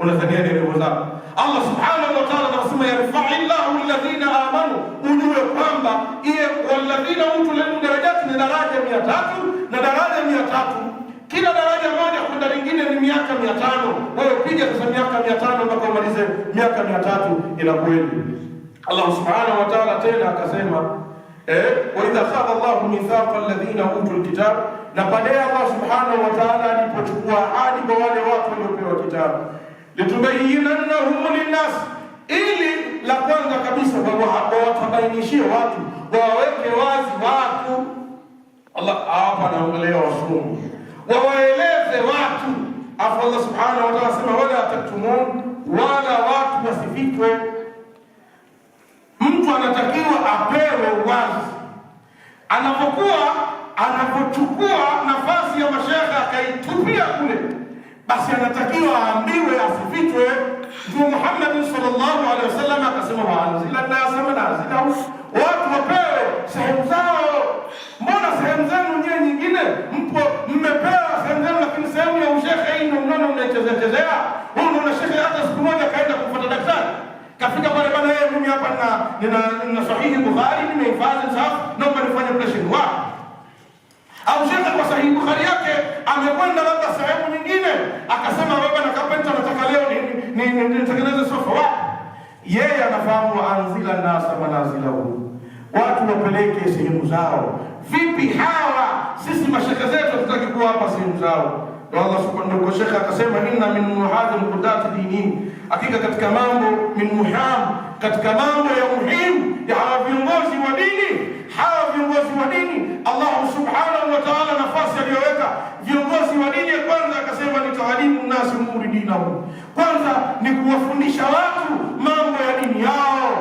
Unathaniani ndugu zangu, Allah subhanahu wa ta'ala anasema Allahu alladhina amanu, ujue kwamba iye walladhina utu lenu darajati ni daraja mia tatu na daraja mia tatu kila daraja moja kwenda lingine ni miaka mia tano Wewe piga sasa miaka mia tano mpaka umalize miaka mia tatu inakweli. Allah subhanahu wa ta'ala tena akasema eh, wa idha akhadha Allahu mithaqa alladhina utul kitab, na baadaye Allah subhanahu wa ta'ala alipochukua ahadi kwa wale watu waliopewa kitabu litubayyinannahum linnas, ili la kwanza kabisa wawatabainishie watu, wawaweke wazi watu. Allah hapa anaongelea wasungu, wawaeleze watu. Afu Allah subhanahu wa ta'ala sema wala taktumun, wala watu wasifichwe. Mtu anatakiwa apewe uwazi anapokuwa anapochukua nafasi ya mashekhe akaitupia kule basi anatakiwa aambiwe asifichwe. Mtume Muhammad sallallahu alaihi wasallam akasema, waanzila nasa manazilahum, watu wapewe sehemu zao. Mbona sehemu zenu nyie nyingine mpo mmepewa sehemu zenu, lakini sehemu ya ushehe hii ndio mnaona mnaichezeachezea. Huyu ndio shehe, hata siku moja kaenda kufuata daktari, kafika pale bana, yeye eh, mimi hapa nina nina sahihi Bukhari nimehifadhi, sawa, naomba nifanye operation wao au shekhe kwa sahihi Bukhari yake amekwenda labda sehemu nyingine, akasema baba na kapenta, nataka leo nitengeneze sofa. Wapi? Yeye anafahamu anzila nasa manazilahu, watu wapeleke sehemu zao. Vipi hawa sisi mashekhe zetu hatutaki kuwa hapa sehemu zao? Allah subhanahu wa shekhe akasema, inna min muhadhi mkudati dinin hakika katika mambo min muham, katika mambo ya muhimu ya hawa viongozi wa dini hawa viongozi wa dini, Allah subhanahu wa ta'ala nafasi aliyoweka viongozi wa dini, ya kwanza akasema ni tawalimu nasi umuri dinahu, kwanza ni kuwafundisha watu mambo ya dini yao,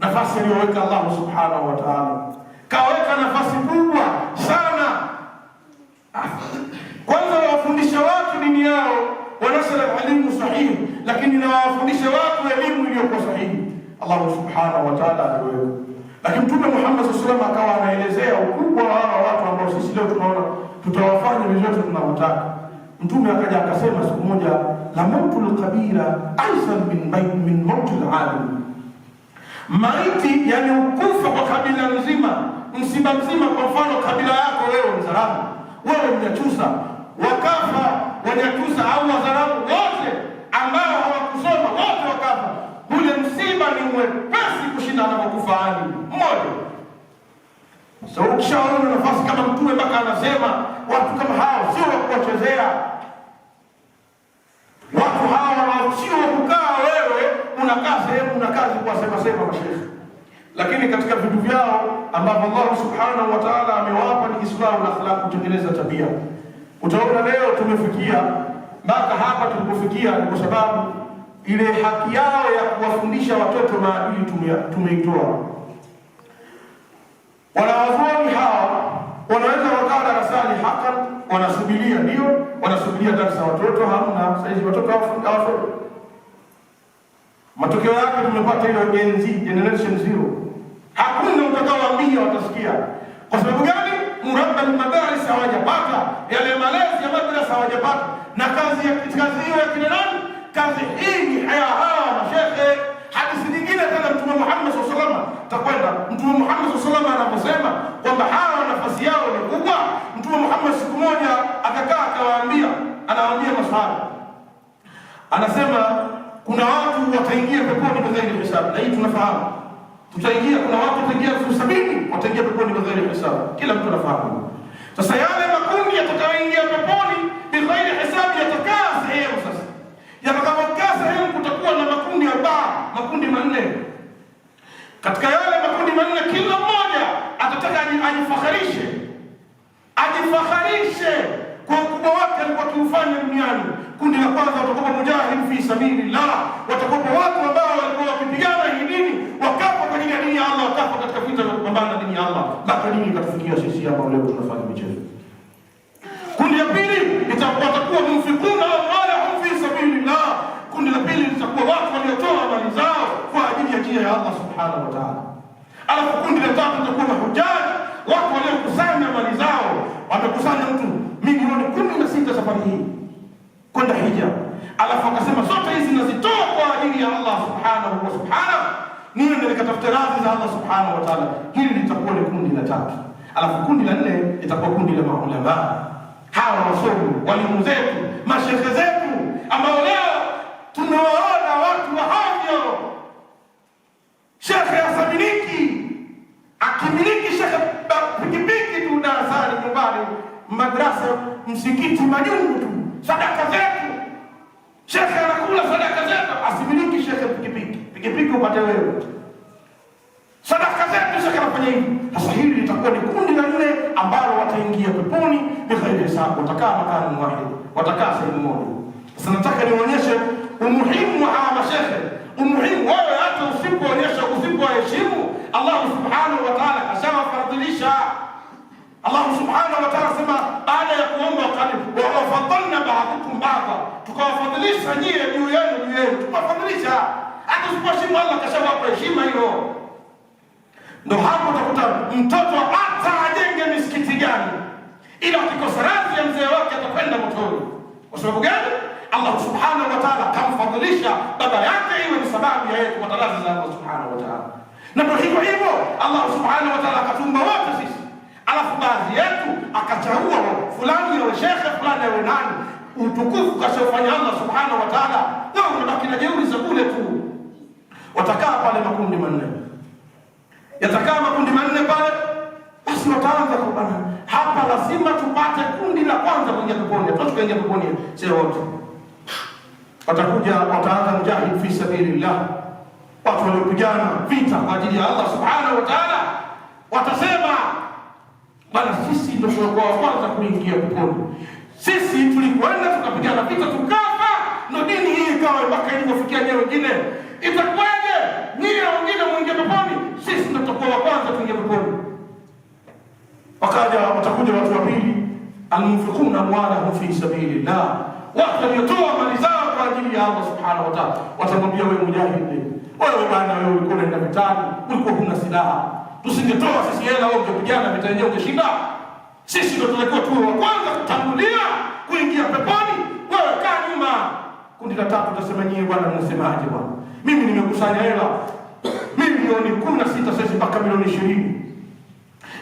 nafasi aliyoweka Allah subhanahu wa ta'ala kaweka nafasi kubwa sana. Kwanza wawafundisha watu dini yao, wanasala elimu sahihi, lakini nawawafundisha watu elimu iliyokuwa sahihi. Allah subhanahu wa ta'ala aliweka lakini Mtume Muhammad sallallahu alaihi wasallam akawa anaelezea ukubwa wa hawa watu ambao sisi leo tunaona tutawafanya vizuri tunavyotaka. Mtume akaja akasema siku moja, la mautul kabira aisan min bait min mautil alim, maiti yani ukufa kwa kabila nzima, msiba mzima. Kwa mfano kabila yako wewe Mzaramo, wewe Mnyachusa, wakafa Wanyachusa au Wazaramo wote ambao hawakusoma wote wakafa ule msiba ni mwepesi kushinda makufaani Mmoja so, ukishaona nafasi kama Mtume mpaka anasema watu kama hao sio wa kuwachezea. Watu hawa sio wa kukaa wewe unakaa sehemu na kazi kuwasemasema mashehe, lakini katika vitu vyao ambavyo Allah subhanahu wa ta'ala amewapa ni Islamu na akhlaq, kutengeneza tabia. Utaona leo tumefikia mpaka hapa tulipofikia ni kwa sababu ile haki yao ya kuwafundisha watoto maadili tumeitoa. Wanawazuoni hawa wanaweza wakaa darasani hata wanasubiria, ndio wanasubiria darasa, watoto hamna. Saizi watoto hawasomi. Matokeo yake tumepata ile Gen Z, generation zero. Hakuna utakaoambia watasikia. Kwa sababu gani? Murabba madaris hawajapata yale malezi ya madrasa hawajapata, na kazi ya kazi hiyo ya kina nani kazi taziini haya hawa mshehe. Hadithi nyingine tena Mtume Muhammad SAW alaihi takwenda, Mtume Muhammad SAW alaihi anaposema kwamba hawa nafasi yao ni kubwa, Mtume Muhammad siku moja akakaa akawaambia, anawaambia maswali, anasema kuna watu wataingia peponi kwa zaidi ya hisabu, na hii tunafahamu tutaingia, kuna watu wataingia elfu sabini wataingia peponi kwa zaidi ya hisabu, kila mtu anafahamu. Sasa yale makundi yatakayoingia peponi Yakapakaa sehemu kutakuwa na makundi arobaini, makundi manne. Katika yale makundi manne, kila mmoja atataka ajifakharishe, ajifakharishe kwa ukubwa wake alikuwa kiufanya duniani. Kundi la kwanza watakuwa mujahid fi sabilillah, watakuwa watu ambao walikuwa wakipigana hii dini, wakafa kwa ya dini ya Allah, wakafa katika vita vya kupambana na dini ya Allah, mpaka dini ikatufikia sisi hapa leo tunafanya michezo. Kundi ya pili watakuwa mufikuna mbili mtakuwa watu waliotoa mali zao kwa ajili ya njia ya Allah subhanahu wa taala. Alafu kundi la tatu litakuwa mahujaji, watu waliokusanya mali zao, wamekusanya mtu milioni kumi na sita safari hii kwenda hija. Alafu akasema zote hizi nazitoa kwa ajili ya Allah subhanahu wa subhana, niwe ndio nikatafuta radhi za Allah subhanahu wa taala. Hili litakuwa ni kundi la tatu. Alafu kundi la nne litakuwa kundi la maulamaa, hawa wasomi, walimu zetu, mashehe zetu ambao leo tunawaona watu wa havyo. Shekhe asamiliki akimiliki shekhe pikipiki tu, darasani, nyumbani, madrasa, msikiti, majungu tu, sadaka zetu. Shekhe anakula sadaka zetu, asimiliki shekhe pikipiki, pikipiki upate wewe sadaka zetu. Shekhe anafanya hivi. Sasa hili litakuwa ni kundi la nne ambalo wataingia peponi bighairi hesabu, watakaa makani wahid, watakaa sehemu moja. Sasa nataka nionyeshe umuhimu wa hawa mashehe, umuhimu wewe, hata usipoonyesha usipowaheshimu, Allahu subhanahu wa taala ashawafadhilisha. Allahu subhanahu wa taala sema baada ya kuomba karibu, wawafadhalna ba'dukum ba'dha, tukawafadhilisha nyie juu yenu juu yenu, tukawafadhilisha. Hata usipoheshimu Allah kashawapa heshima hiyo. Ndo hapo utakuta mtoto hata ajenge misikiti gani, ila akikosa radhi ya mzee wake atakwenda motoni. Kwa sababu gani? Allah subhanahu wa ta'ala kamfadhilisha baba yake iwe ni sababu ya yeye kupata radhi za Allah subhanahu wa ta'ala. Na ndio hivyo hivyo Allah subhanahu wa ta'ala akatumba wote sisi, alafu baadhi yetu akachagua fulani yawe shekhe, fulani yawe nani. Utukufu kasiofanya Allah subhanahu wa ta'ala na unabaki na jeuri za kule tu. Watakaa pale makundi manne, yatakaa makundi manne pale, basi wataanza kubana hapa, lazima tupate kundi la kwanza kuingia peponi, tukaingia peponi sio wote watakuja wataanza mujahid fi sabilillah, watu waliopigana vita kwa ajili ya Allah subhanahu wa ta'ala watasema bana, sisi ndio tulikuwa wa kwanza kuingia kupona, sisi tulikwenda tukapigana vita tukafa, na dini hii ikawa mpaka ilivyofikia leo. Wengine itakuwaje nyie wengine mwingie peponi? Sisi ndio tutakuwa wa kwanza tuingie peponi. Wakaja watakuja watu wa pili, almunfiquna amwalahum fi sabilillah, watu waliotoa mali zao kwa ajili ya Allah subhanahu wa ta'ala. Watamwambia wewe mujahidi, wewe bwana, wewe ulikuwa unaenda vitani, ulikuwa huna silaha, tusingetoa sisi hela, wewe ungepigana vita yenyewe ukishinda. Sisi ndio tulikuwa tuwe wa kwanza kutangulia kuingia peponi, wewe kaa nyuma. Kundi la tatu tutasema nyie, bwana, mnasemaje bwana? Mimi nimekusanya hela milioni kumi na sita sasa mpaka milioni ishirini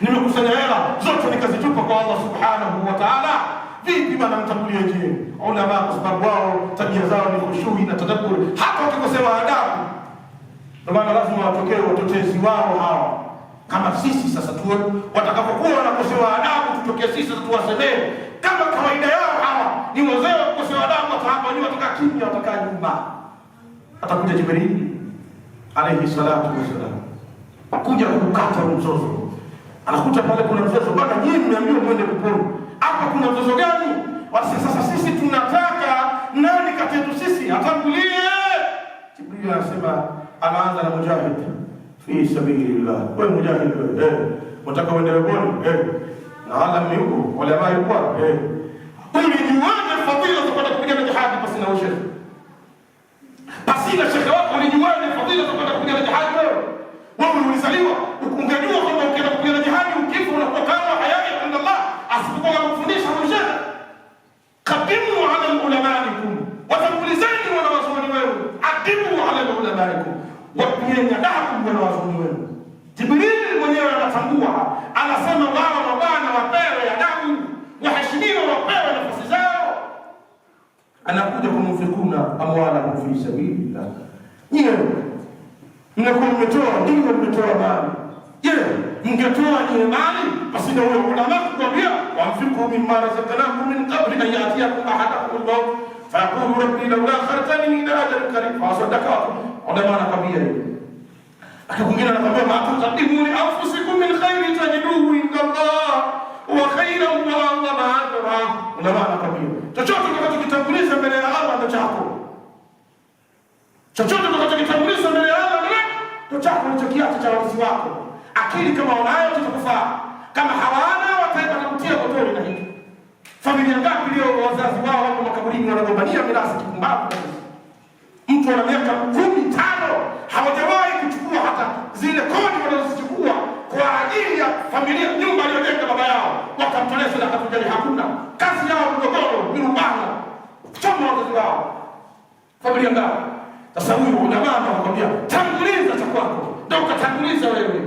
nimekusanya hela zote nikazitupa kwa Allah subhanahu wa ta'ala vipi wanamtangulia je? Ulama kwa sababu wao tabia zao ni khushui na tadabbur, hata wakikosewa adabu. Ndio maana lazima watokee watotezi wao hawa, kama sisi sasa tu watakapokuwa wanakosewa adabu, tutokee sisi sasa tuwasemee kama kawaida yao. Hawa ni wazee wakukosewa adabu, watahapa wajua wataka kimya, watakaa nyumba Atakuja jibrili alaihi salatu wassalam kuja kukata mzozo, anakuta pale kuna mzozo, bwana, nyinyi mnaambiwa mwende kuporu hapa kuna mzozo gani? Basi Sasa sisi tunataka nani kati yetu sisi atangulie? Jibril anasema, anaanza na mujahid fi sabilillah. Wewe mujahid wewe, eh, unataka uende peponi eh, na alam yuko wale ambao yuko eh, ulijuaje fadhila za kwenda kupigana jihad basi na ushe basi na shekhe wako, ulijuaje fadhila za kwenda kupigana jihad wewe? Wewe ulizaliwa ukungajua ungejua asipokuwa kufundisha mshaka kadimu ala ulamaikum, watangulizeni wanawazuoni wenu, adimu ala ulamaikum, wapieni adabu wanawazuoni wenu. Jibrili mwenyewe anatangua anasema wao mabwana wapewe adabu, waheshimiwa wapewe nafasi zao. Anakuja kumfikuna amwalahum fi sabilillah, nyewe mnakuwa mmetoa, ndio mmetoa mali, je mngetoa imani, basi ndio ulama kukwambia wamfiku mimma razaqnakum min qabli an yatiyakum ahadakum al-maut fayaqulu rabbi laula akhartani ila ajalin qarib fasadaka. Ulama anakwambia hiyo. Hata mwingine anakwambia ma tuqaddimu li anfusikum min khairi tajiduhu inda Allah wa khairan wa a'zama ajra. Ulama anakwambia chochote kitanguliza mbele ya Allah ndo chako, chochote kitanguliza mbele ya Allah ndo chako, ulichokiacha cha ndo wako akili kama unayo tutakufaa, kama hawana wataenda kutia gotoni. Na hivi familia ngapi leo wazazi wao wako makaburini wanagombania mirasi kipumbavu Mtu ana miaka kumi tano hawajawahi kuchukua hata zile kodi wanazozichukua kwa ajili ya familia, nyumba aliyojenga baba yao, wakamtolea sadaka tujali, hakuna kazi yao, mgogoro, mirubano, kuchoma wazazi wao. Familia ngapi sasa? Huyu una mama anakwambia tanguliza cha kwako, ndio ukatanguliza wewe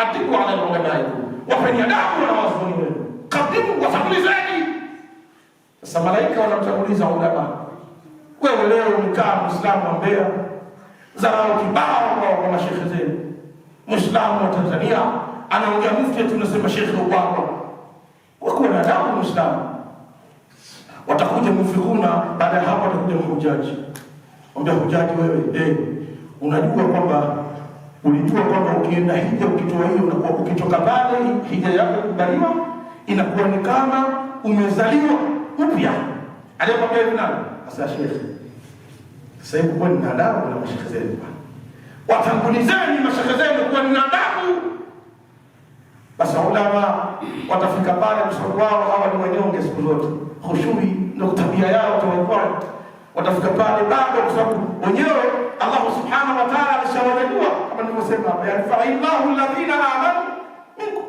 atiku atibu ala ulamaikum, wapeni adabu na wazuni wenu, katibu watangulizeni. Sasa malaika wanamtanguliza ulama. Wewe leo mkaa Muislamu wa Mbeya, dharau kibao kwa mashehe zenu. Muislamu wa Tanzania anaongea mufti, tunasema shekhe ubwagwa, wakuwa na adabu Muislamu. Watakuja mufikuna, baada ya hapo watakuja mhujaji, ambia hujaji, wewe eh, unajua kwamba Ulijua kwamba ukienda hija ukitoa hiyo unakuwa, ukitoka pale hija yako kubaliwa, inakuwa ni kama umezaliwa upya. Aliyekwambia hivi nani? asa shekhe, sasa hivi kuwa nina adabu na mashekhe zenu, watangulizeni mashekhe zenu kuwa nina adabu. Basi ulama watafika pale, kwa sababu wao hawa ni wanyonge siku zote, khushui ndio tabia yao tawakwani watafika pale bado, kwa sababu wenyewe Allah subhanahu wa ta'ala alishawajua, kama nilivyosema hapo, yarfa'illahu alladhina amanu minkum,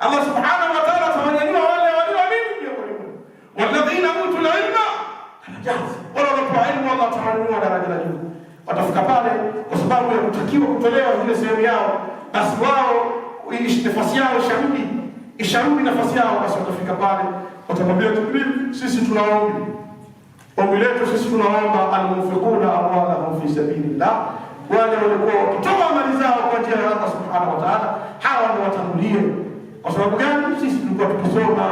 Allah subhanahu wa ta'ala atawajua wale walioamini miongoni mwenu, walladhina utul ilma darajat, wale waliopewa ilmu Allah atawainua daraja la juu. Watafika pale kwa sababu ya kutakiwa kutolewa zile sehemu yao, basi wao nafasi yao isharudi, isharudi nafasi yao, basi watafika pale watamwambia, sisi tunaomba Ombi letu sisi tunaomba almunfiquna amwalahum fi sabilillah, wale walikuwa wakitoa mali zao kwa njia ya Allah subhanahu wa ta'ala, hawa ni watangulie. Kwa sababu gani? Sisi tulikuwa tukisoma,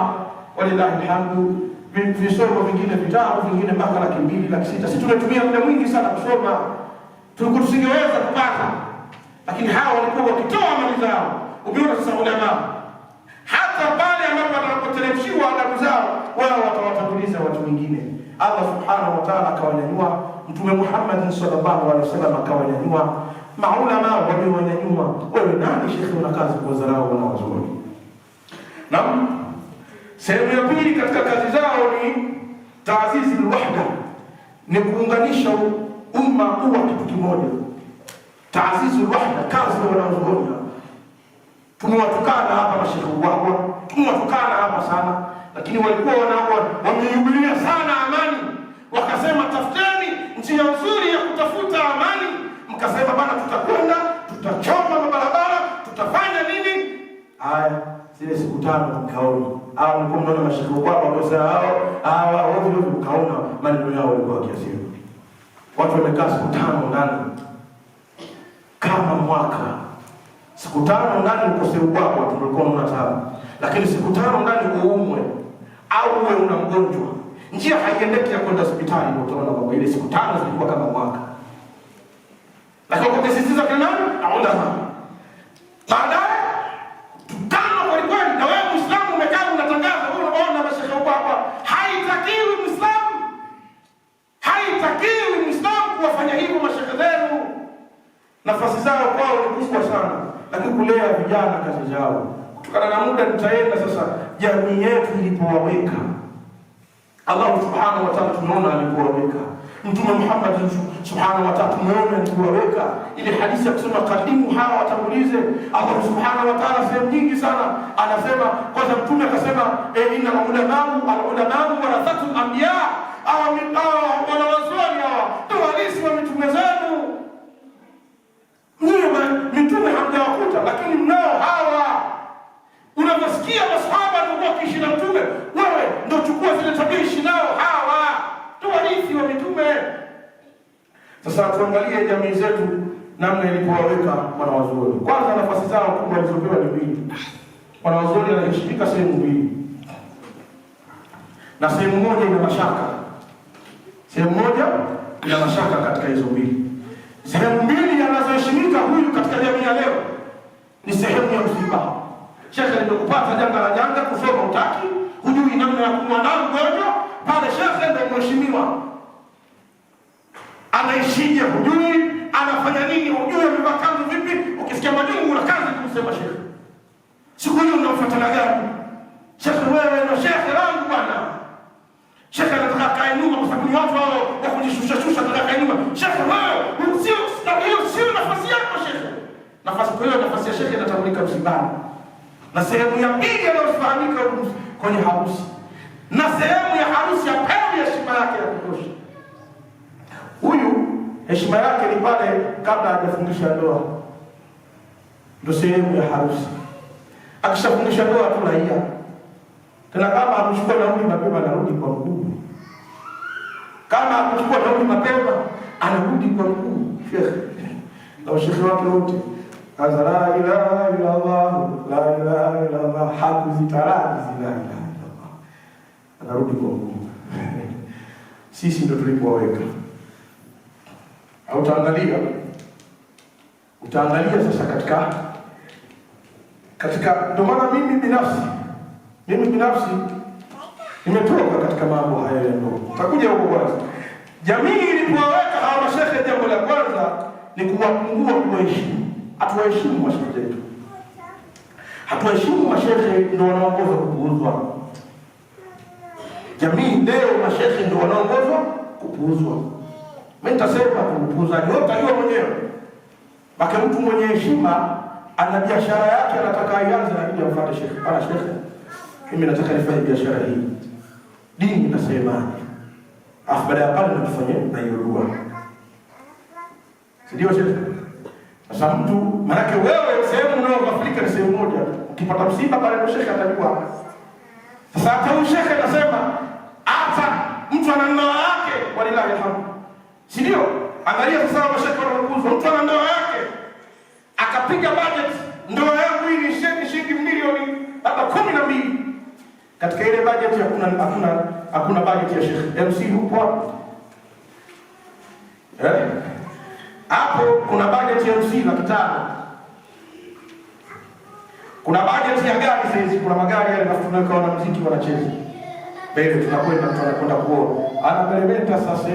walillahi alhamdu, visomo vingine vitabu vingine mpaka laki mbili laki sita sisi tunatumia muda mwingi sana kusoma, tulikuwa tusingeweza kupata, lakini hawa walikuwa wakitoa mali zao. Umeona sasa ulama, hata pale ambapo watakapoteremshiwa adabu zao wao kuwauliza watu wengine. Allah subhanahu wa ta'ala akawanyanyua, Mtume Muhammad sallallahu alaihi wasallam akawanyanyua, maulama waliwanyanyua. Wewe nani shekhi, una kazi na wazuri Naam, sehemu ya pili katika kazi zao ni taasisi alwahda, ni kuunganisha umma huwa kitu kimoja. Taasisi alwahda, kazi ya wanazuoni. Tumewatukana hapa mashekhi wao, tumewatukana hapa sana lakini walikuwa wameihubiria sana amani, wakasema tafuteni njia nzuri ya kutafuta amani. Mkasema bana, tutakwenda tutachoma mabarabara tutafanya nini? Haya, zile siku tano mkaona au mlikuwa mnaona mashiko kwao wakosa hao hawa wote, mkaona maneno yao walikuwa wakiasiri. Watu wamekaa siku tano ndani kama mwaka siku tano ndani ukose ubwabwa, tulikuwa mna tano, lakini siku tano ndani uumwe au uwe una mgonjwa, njia haiendeki ya kwenda hospitali. Ndio utaona kwamba ile siku tano zilikuwa kama mwaka, lakini wakasisitiza kina nani? ma Baadaye tukano kwa kweli, na wewe Muislamu umekaa unatangaza, wewe unaona mashehe huko hapa. Haitakiwi Muislamu, haitakiwi Muislamu kuwafanya hivyo mashehe zenu. Nafasi zao kwao ni kubwa sana, lakini kulea vijana kazi zao kutokana na muda tutaenda sasa, jamii yetu ilipowaweka Allah subhanahu wa ta'ala, tunaona alipowaweka Mtume Muhammad subhanahu wa ta'ala, tunaona alipowaweka ili hadithi ya kusema kadimu hawa watangulize. Allah subhanahu wa ta'ala sehemu nyingi sana anasema, kwanza mtume akasema, e, inna al alulamau warathatul anbiya, awa wanawazoni hawa ndio warisi wa mitume zao unavyosikia masahaba walikuwa wakiishi na mtume, wewe ndio chukua zile tabia ishi nao hawa, tuwarithi wa mitume. Sasa tuangalie jamii zetu namna ilipowaweka wanawazuoni. Kwanza, nafasi zao kubwa walizopewa ni mbili. Wanawazuoni wanaheshimika sehemu mbili, na sehemu moja ina mashaka. Sehemu moja ina mashaka katika hizo mbili, sehemu mbili anazoheshimika kupata janga la janga, kusoma utaki, hujui namna ya kumwandaa mgonjwa pale. Shekhe ndo mheshimiwa, anaishije hujui, anafanya nini hujui, amevaa kanzu vipi? Ukisikia majungu na kazi kumsema shekhe, siku hiyo unamfuatana gani? Shekhe wewe na shekhe wangu bwana, shekhe anataka kainuka, kwa sababu watu hao wa kujishushashusha, anataka kainuka. Shekhe wewe, sio nafasi yako shekhe. Nafasi kwa hiyo nafasi ya shekhe inatambulika msibani na sehemu ya pili yanayofahamika kwenye harusi na sehemu ya harusi apewe heshima yake ya kutosha. Huyu heshima yake ni pale kabla hajafungisha ndoa, ndo sehemu ya harusi. Akishafungisha ndoa tu raia tena, kama amechukua nauli mapema anarudi kwa mguu, kama amechukua nauli mapema anarudi kwa mguu, na ushehe wake wote sasa la ilaha illa Allah, la ilaha illa Allah, hakuzitaraki zile la ilaha illa Allah. Anarudi kwa Mungu. Sisi ndio tulipowaweka. Au utaangalia utaangalia sasa katika katika, ndio maana mimi binafsi mimi binafsi nimetoka katika mambo haya ya ndoa. Takuja huko kwanza. Jamii ilipowaweka hawa mashehe, jambo la kwanza ni kuwapungua kuheshimu Hatuwaheshimu mashehe zetu, hatuwaheshimu mashehe, ndio wanaongoza kupuuzwa. Jamii leo mashehe ndio wanaongoza kupuuzwa. Mimi nitasema kupuuzaji wote alio mwenyewe baka, mtu mwenye heshima ana biashara yake, anataka aianze, lakini amfuate shehe. Pana shehe, mimi nataka nifanye biashara hii, dini inasemaje? Afu baada ya pale natufanye na hiyo dua, si ndio shehe? Sasa mtu manake, wewe sehemu unayoghafilika ni sehemu moja, ukipata msiba pale ndo shekhe atajua. Sasa hata huyu shekhe anasema hata mtu ana ndoa yake, walilahi alhamdu, si ndio? Angalia sasa mashekhe wanaokuzwa, mtu ana ndoa yake akapiga budget, ndoa yangu hii ni shilingi shilingi milioni labda kumi na mbili. Katika ile budget hakuna hakuna hakuna budget ya shekhe MC huko eh hapo kuna budget ya usi laki tano kuna budget ya gari saizi, kuna magari yale tunaweka na muziki wanacheza mbele, tunakwenda tunakwenda kuona anameremeta sasa.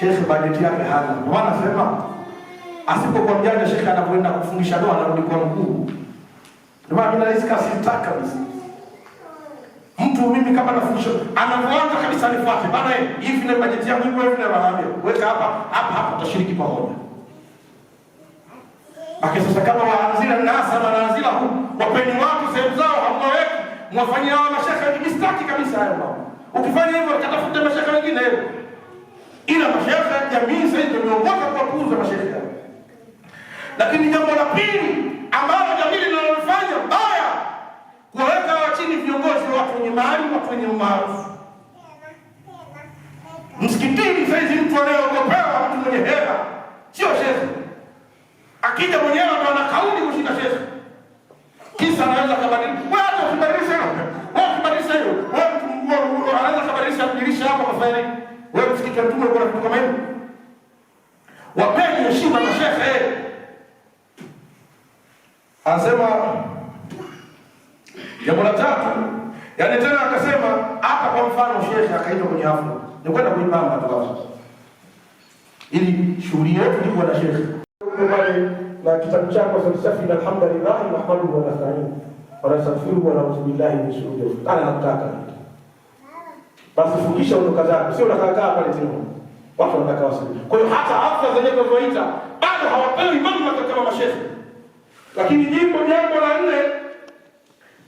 Shekhe budget yake hana, ndio maana sema asipokuwa mjanja shekhe anakwenda kufundisha doa anarudi kwa mkuu. Ndio maana tunaisika sitaka kasita Mtu mimi kama nafundisha anaanza kabisa alifuate. Bana hii vile bajeti yangu ipo hivi na waambia, weka hapa hapa hapa tutashiriki pamoja. Akisema sasa kama waanzila nasa na waanzila hu wapeni watu sehemu zao hamwaweki, mwafanyia wa mashaka ni mistaki kabisa hayo baba. Ukifanya hivyo utatafuta mashaka mengine hayo. Ila mashaka ya jamii sasa ndio miongoza kwa kuuza mashaka. Lakini jambo la pili ambalo jamii linalofanya baya kuweka viongozi wa kwenye mali na kwenye umaarufu. Msikitini saizi mtu anayeogopewa, mtu mwenye hela sio shehe. Akija mwenyewe ndo ana kauli kushika shehe, kisa anaweza kabadilika. Wewe hata kubadilisha hiyo, wewe kubadilisha hiyo, wewe mtu anaweza kubadilisha dirisha hapo kwa faili. Wewe msikitini mtu mtume kwa kama hiyo? Wapeni heshima na mashehe. Anasema Jambo la tatu, yani tena akasema hata kwa mfano shehe akaitwa kwenye hafla. Ni kwenda kuipamba tu hapo. Ili shughuli yetu ni kwa na shekhe. Pale na kitabu chako cha Safi na alhamdulillah hamdu wa nasta'in wa nastaghfiruhu wa na'udhu billahi min shururi anfusina. Ana nakutaka. Basi fundisha ondoka zako, sio unakaa pale tena. Watu wanataka wasije. Kwa hiyo hata hafla zenyewe tunazoita bado hawapewi mambo kama mashehe. Lakini jimbo jambo la nne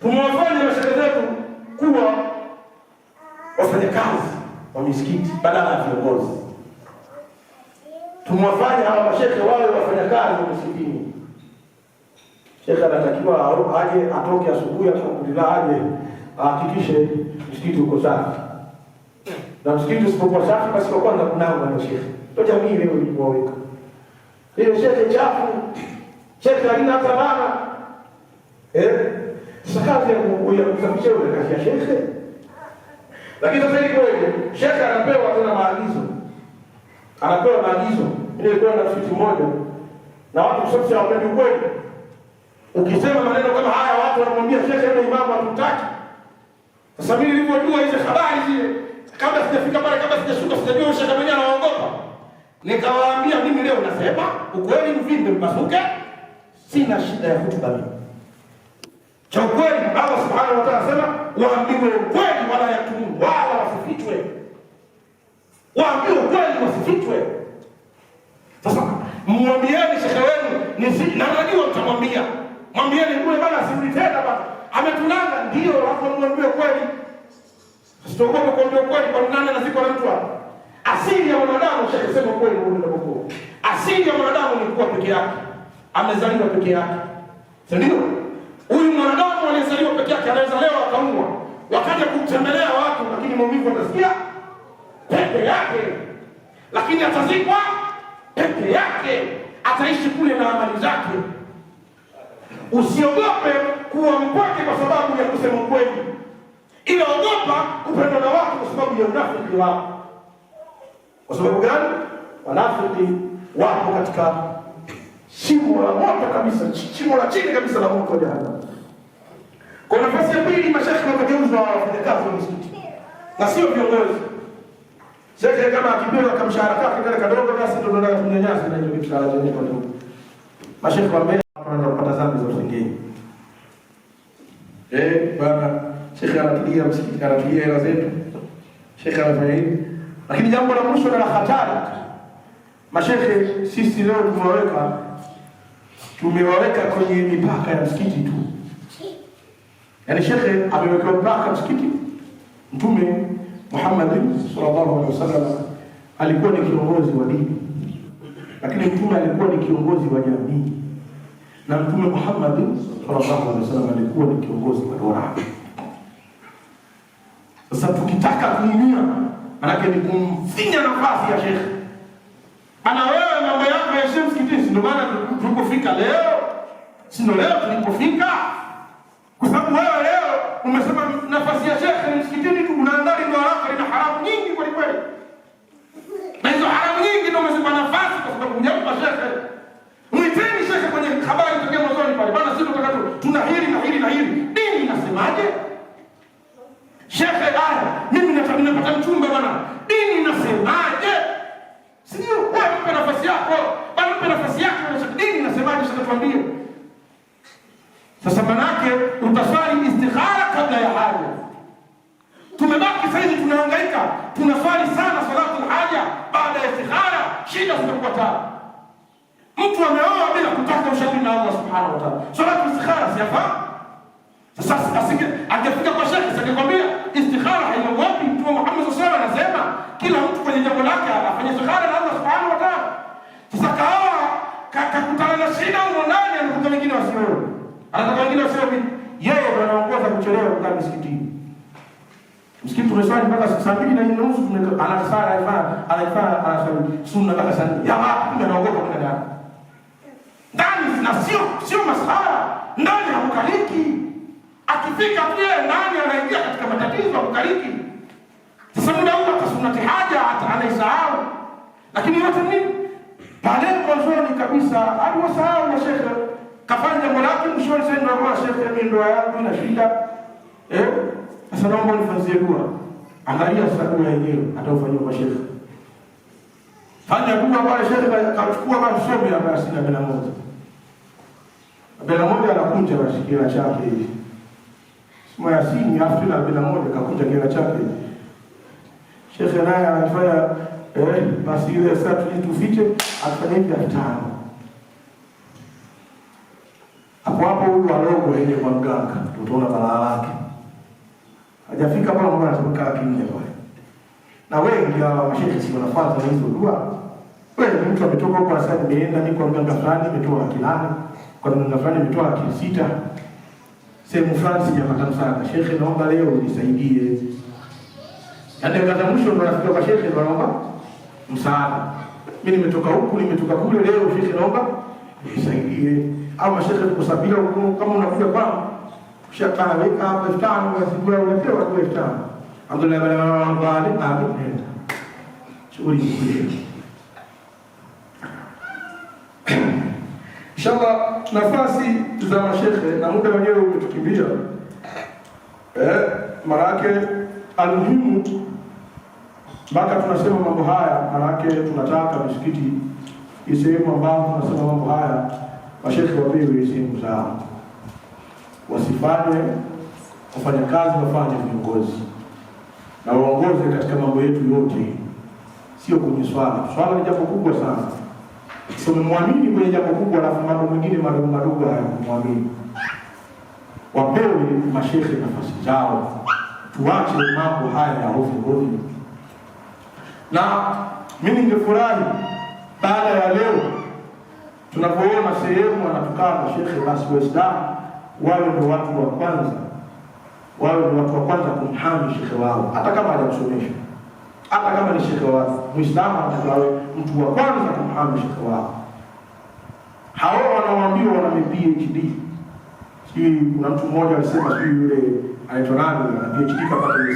tumewafanya mashaka zetu kuwa wafanyakazi wa misikiti badala ya viongozi. Tumewafanya hawa mashekhe wawe wafanyakazi wa misikini. Shekhe anatakiwa aje atoke asubuhi, alhamdulillah, aje ahakikishe msikiti uko safi, na msikiti usipokuwa safi, basi kwa kwanza kunawa na shekhe. Ndio jamii leo ilipoweka hiyo shekhe chafu, shekhe halina hata maana eh sasa kazi ya kusafisha ile kazi ya shekhe. Lakini sasa hivi kweli shekhe anapewa tena maagizo. Anapewa maagizo. Ile ilikuwa na msikiti moja. Na watu kusafisha wapendi kweli. Ukisema maneno kama haya watu wanamwambia shekhe ni yaani imamu atutaki. Sasa mimi nilipojua hizo habari zile kabla sijafika pale kabla sijashuka sijajua shekhe mwenyewe anaogopa. Nikawaambia mimi leo nasema ukweli mvinde mpasuke. Sina shida ya hutuba mimi cha ukweli. Allah subhanahu wa ta'ala anasema waambiwe ukweli, wala yaktumun, wala wasifichwe. Waambiwe ukweli, wasifichwe. Sasa mwambieni shekhe wenu, ni na najua mtamwambia, mwambieni kule bana, asirudi tena bana, ametulanga ndio. Alafu mwambie kweli, sitogopa kuambia kweli kwa nani na ziko na mtu hapa. Asili ya mwanadamu, shekhe sema kweli, wewe ndio asili ya mwanadamu ni kuwa peke yake, amezaliwa peke yake, si ndio? Huyu mwanadamu aliyezaliwa peke yake anaweza leo akaumwa, wakaja kumtembelea watu, lakini maumivu atasikia peke yake, lakini atazikwa peke yake, ataishi kule na amali zake. Usiogope kuwa mpweke kwa sababu ya kusema ukweli, ila ogopa kupendwa na watu kwa sababu ya unafiki wao. Kwa sababu gani? Wanafiki wapo katika shimo la moto kabisa, shimo la chini kabisa la moto jana. Kwa nafasi ya pili, mashekhe wamegeuzwa wafanyakazi wa msikiti na sio viongozi. Shekhe kama akipewa kamshahara kake kale kadogo, basi ndio ndio kumnyanyasa na hiyo mshahara wake ndio. Mashekhe wa mbele wanaanza kupata dhambi za usingeni. Eh, bana shekhe anatilia msikiti, anatilia hela zetu. Shekhe anafanya hivi. Lakini jambo la mwisho na la hatari, mashekhe sisi leo tumewaweka tumewaweka kwenye mipaka ya msikiti tu, yaani shekhe amewekewa mpaka msikiti. Mtume Muhammad sallallahu alaihi wasallam alikuwa ni kiongozi wa dini, lakini mtume alikuwa ni kiongozi wa jamii, na mtume Muhammad sallallahu alaihi wasallam alikuwa ni kiongozi wa dola. Sasa tukitaka kuinia manake ni kumfinya nafasi ya shekhe ana wewe mambo yako ya yaishie msikitini, ndio maana tulipofika leo, si ndio leo tulipofika? Kwa sababu wewe leo umesema nafasi ya shekhe ni msikitini tu, unaandali ndoa yako ina haramu nyingi kweli kweli, na hizo haramu nyingi ndio umesema nafasi, kwa sababu hujampa shekhe. Mwiteni shekhe kwenye habari tokea mwanzoni pale bana, sisi tunataka tuna hili na hili na hili, dini inasemaje? Shekhe, ah, mimi nataka napata mchumba bana, dini inasemaje? si ndio? Wewe mpe nafasi yako, mpe nafasi Dini nasemaje? sasa, manake utaswali istikhara kabla ya haja. Tumebaki sasa hivi tunahangaika, tunaswali sana salatul haja, baada ya istikhara shida zitakuwa Mtu ameoa bila kupata ushauri na Allah subhanahu wa ta'ala, istikhara Sasa kwa shekhi, jambo lake afanye sukhara na Allah subhanahu wa ta'ala. Sasa kawa kakutana na shida huko ndani, anataka wengine wasiwe, anataka wengine wasiwe, yeye ndo anaongoza kuchelewa kwa msikitini. Msikiti tumeswali mpaka saa mbili na nusu tumekaa, anasala alifaa alifaa anaswali sunna mpaka saa mbili ya wapi? Kumbe anaogopa kwenda ndani ndani, na sio sio masahara ndani, hakukaliki. Akifika pia ndani anaingia katika matatizo, hakukaliki sasa muda huu akasunati haja hata anaisahau, lakini yote ni pale mwanzoni kabisa aliwasahau na shekhe kafanya jambo lake, mshoni sasa ndio kwa shekhe, mimi ndoa yangu ina shida eh, sasa naomba unifanzie dua. Angalia sasa dua yenyewe ataufanyia kwa shekhe, fanya dua kwa shekhe kachukua basi somi ya basi na bila moja bila moja anakunja basi kila chake hivi sima yasini afu na bila moja kakunja kila chake hivi Shekhe naye anafanya eh, basi ile saa tuje tufiche afanye hivi elfu tano hapo hapo, huyu alogo yeye kwa mganga, utaona balaa lake hajafika pale, mbona anatoka kimya pale. Na wengi hawa mashehe si wanafuata hizo dua. Wewe mtu ametoka huko sasa, nimeenda ni kwa mganga fulani, nimetoa laki nane kwa mganga fulani, nimetoa laki sita sehemu fulani, sijapata msaada. Shekhe, naomba leo unisaidie na mwisho ndo kwa shekhe tunaomba msaada. Mimi nimetoka huku nimetoka kule, leo shekhe naomba nisaidie, au shekhe tukusabira huko, kama unakuja kwa shaka weka hapo elfu tano ya unapewa kwa elfu tano Abdullah bala wangu wale hapo nenda shughuli kule. Inshallah nafasi za mashekhe na muda wenyewe umetukimbia, eh, maana almuhimu mpaka tunasema mambo haya, manake tunataka misikiti ni sehemu ambayo tunasema mambo haya, mashekhe wapewe sehemu zao, wasifanye kazi wafanye viongozi na waongoze katika mambo yetu yote, sio kwenye swala. Swala ni jambo kubwa sana, so mwamini kwenye jambo kubwa, alafu mambo mengine madogo madogo mwamini Wapewe mashekhe nafasi zao, tuache mambo haya ya hovyo hovyo. Na mimi ningefurahi baada ya leo tunapoona sehemu wanatukana Shekhe, basi Waislamu wawe ndio watu wa kwanza, wawe ndio watu wa kwanza kumhamu shekhe wao, hata kama hajamsomesha, hata kama ni shekhe wao. Muislamu anatakiwa mtu wa kwanza kumhamu shekhe wao. Hao wanaoambiwa wana PhD, sijui kuna mtu mmoja alisema, sijui yule anaitwa nani, ana PhD kapata